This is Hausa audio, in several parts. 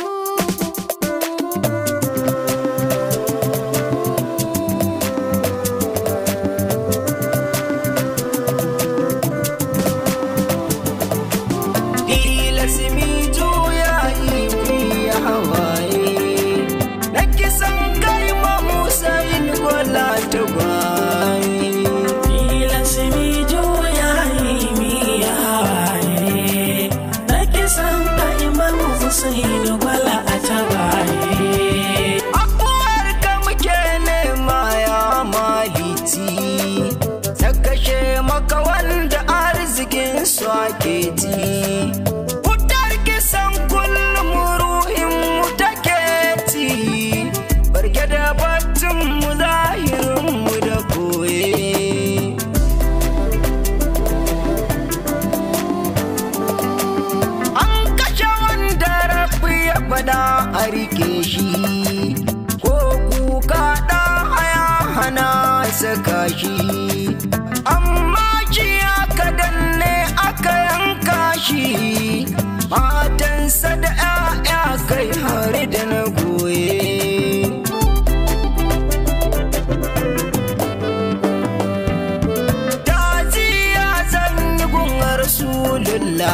Ooh.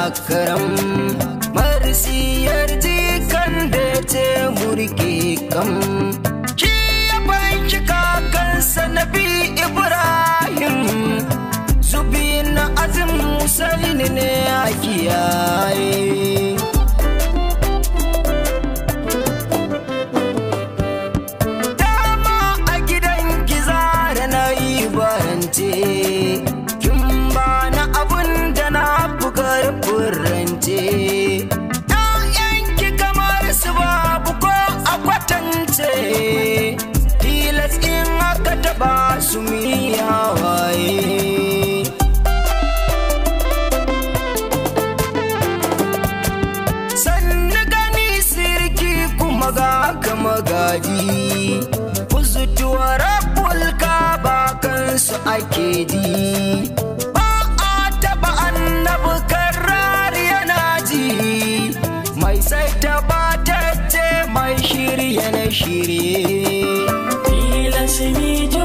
akaram marsiyar jikan da ce murki kam ki ya kansa na nabi ibrahim zubi na azim musaini ne a kiyaye taɓa su mi hawaye sannu gani sirki kuma ga kama gadi kuzutuwar fulka ba kansu ake di ba a taɓa annabi karrari yana ji mai sai taɓa tacce mai shirye na shirye Tilasini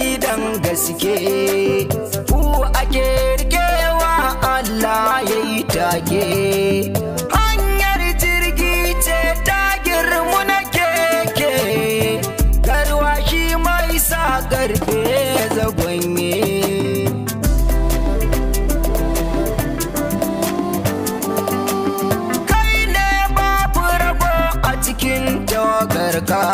yi dan gaske ku ake rikewa Allah ya yi take hanyar jirgi ce ta girmu na keke garwashi mai sa garfe zagonye kai ne babu rabo a cikin tawagarka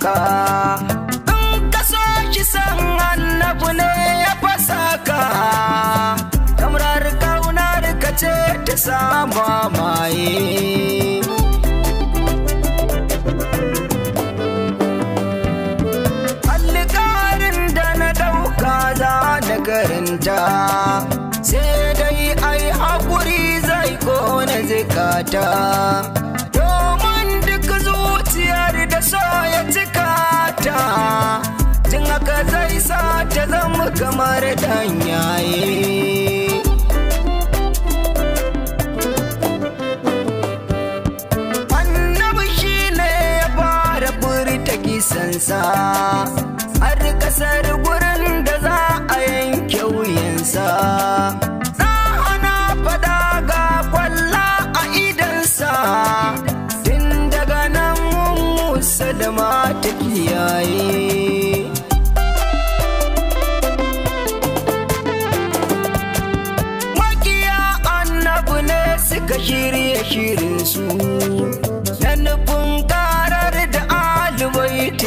sauka in ka so san annabu ne ya fasaka kamar kauna ka ce ta sama maye garinta sai dai ai haƙuri zai kone zikata kamar danyaye annabi shine ya fara furta kisansa har kasar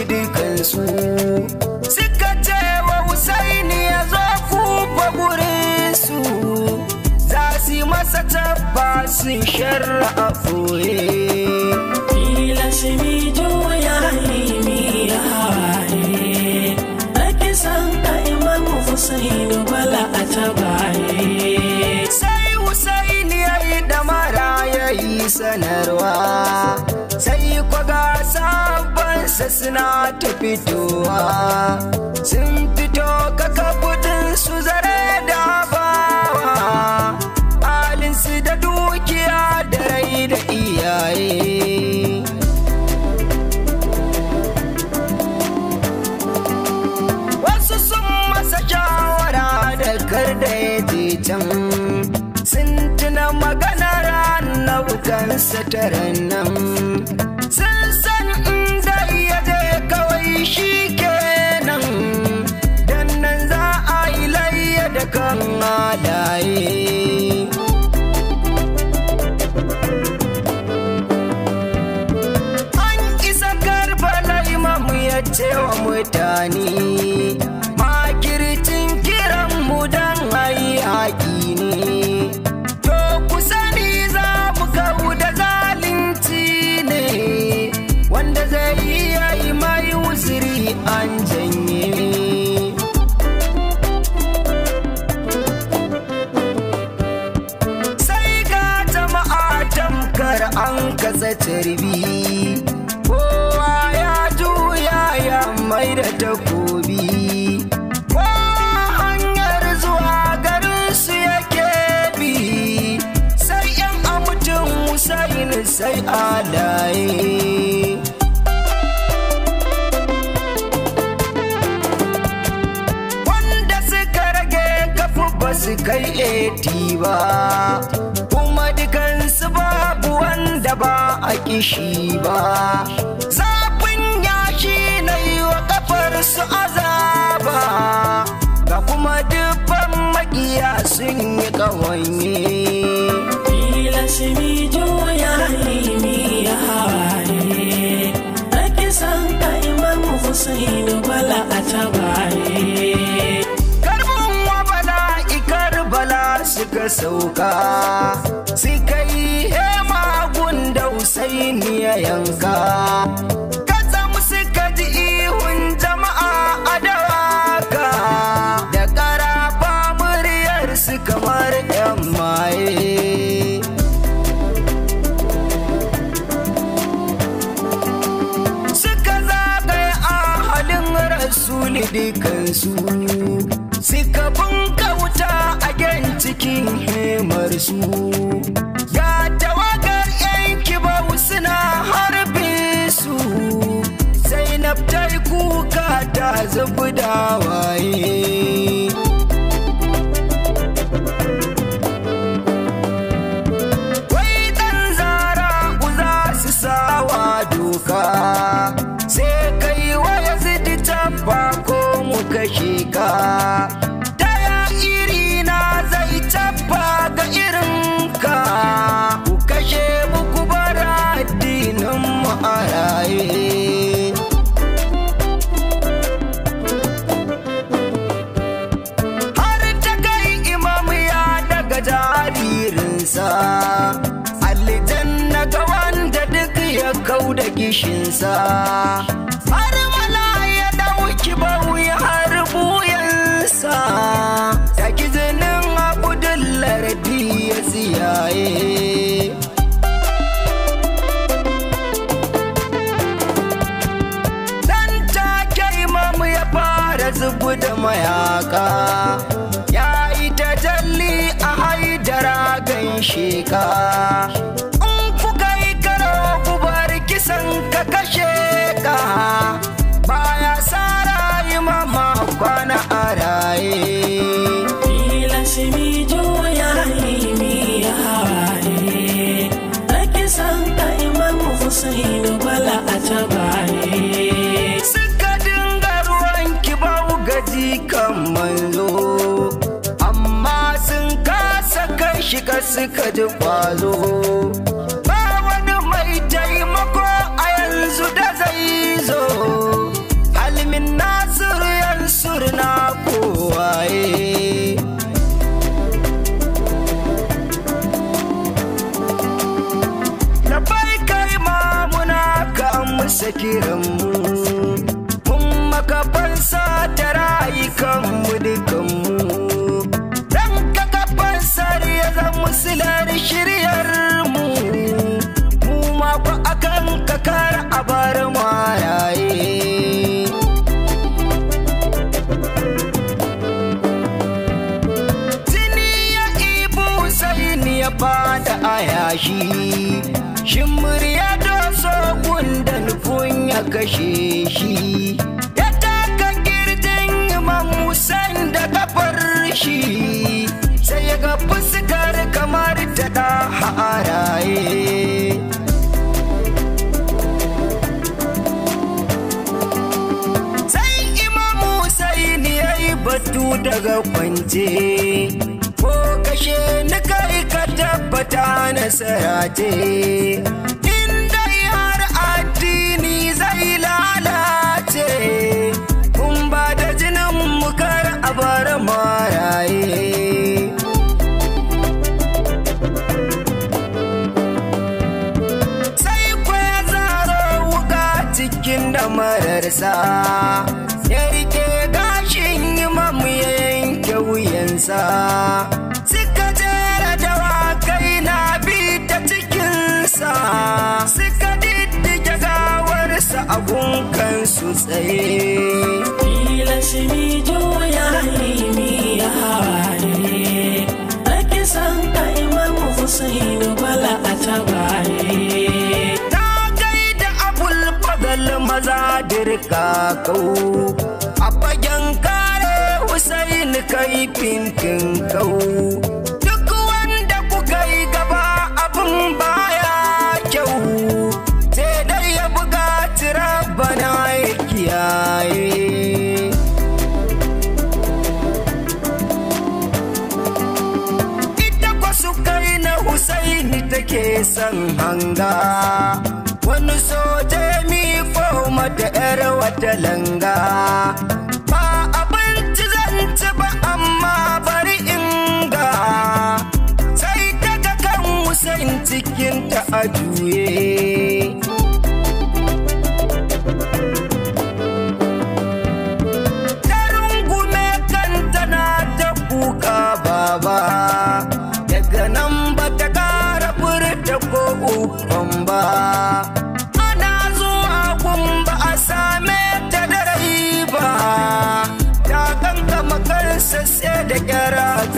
dukansu suka ce wa Husaini ya zo kufa su za su masa tabba sun sharra a foye. Kila shi mi juya halimi ya hawaye, ake san a imam Husaini bala a tabaye. Sai Husaini ya yi damara ya yi sanarwa, sai kwa gasa sai suna ta fitowa sun fito kaka kudin su zare da bawa halinsu da dukiya da rai da iyaye wasu sun masa shawara da kar ya je can sun tuna maganar annabukansa taran takobi ko hanyar zuwa garin su yake bi sai yan amutun musayin sai alaye wanda suka rage kafu ba su kai eti ba kuma dukansu babu wanda ba a kishi ba su azaba ga kuma dubban makiya sun yi ƙawanye kila su ni juya ilimi ya hawaye na kisan ka imam Hussein bala a tabaye karbin wa bala ikar bala suka sauka suka yi hema gun da Hussein ya yanka dukansu suka bunka wuta a gen cikin hemarsu ya tawagar yan kibau suna harbi su zainab ta yi kuka ta zubi da waye kishinsa har mala ya dauki bauya ya har buyansa da gizinin abudullar lardi ya ziyaye nan take imamu ya fara zubu da mayaka ya yi tajalli a haidara gan sheka sheka baya sa rayu mama kwana a raye. Kila simi juya raimi ya hawaye, rake san ka imamu Hussein bala a tabaye. Suka dinga ruwan kibau gaji kan manzo, amma sun kasa kai shiga suka ji kwazo. yanzu da zai zo halimin nasir na kowaye labai kai ma muna ka musa kiranmu mun makafansa ta rayukanmu murya ya doso gunda nufin ya kashe shi ya taka girgin imam musan da kafar shi sai ya ga fuskar kamar ta da haraye sai imam musan ya yi batu daga kwance ko kashe na wata nasara in inda har addini zai lalace kun ba da jinin mukar abar maraye sai kwa zaro wuka cikin da mararsa ya rike gashin yi mamu yanke wuyansa tsaye kila shi ni juya ya hawaye ake san ka imam Hussein bala a tabaye ta gaida abul fadal maza dirka kau a fagen kare Hussein kai fintin kau kan hanga wani soje mi fo mata 'yar wata langa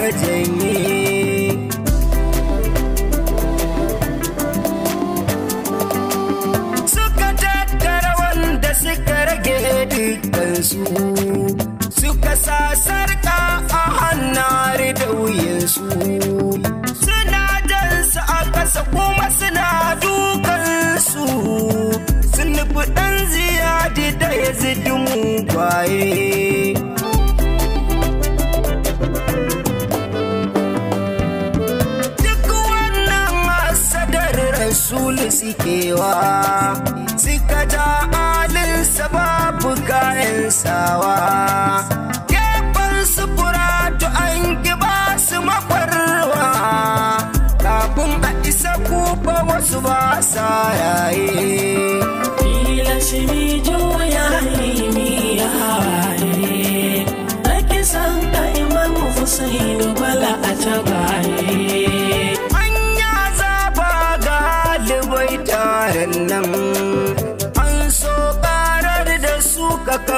ka janye suka tattara wanda suka rage dukansu suka sasarka a hannar da wuyansu suna jansu a ƙasa kuma suna dukansu sun nufi ɗan ziyadi da ya zidi mu kwaye sikewa suka ja alinsa babu kayan sawa gefen sufura to an giba su makwarwa kafin a isa kufa wasu ba sa yayi ilashimi juya mi ya ake san ka'iman husainu bala a taba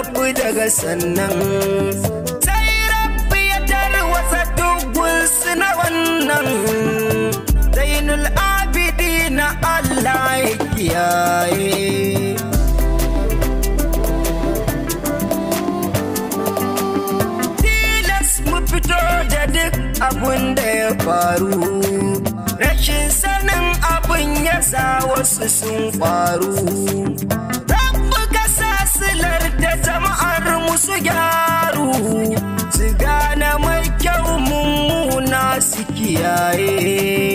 rabbi daga sannan sai rabbi ya tarwasa dubun na wannan zainul abidi na allah ya kiyaye fito da duk abun da ya faru rashin sanin abun ya sa wasu sun faru jama'ar musu gyaru su gane mai kyau mummuna su kiyaye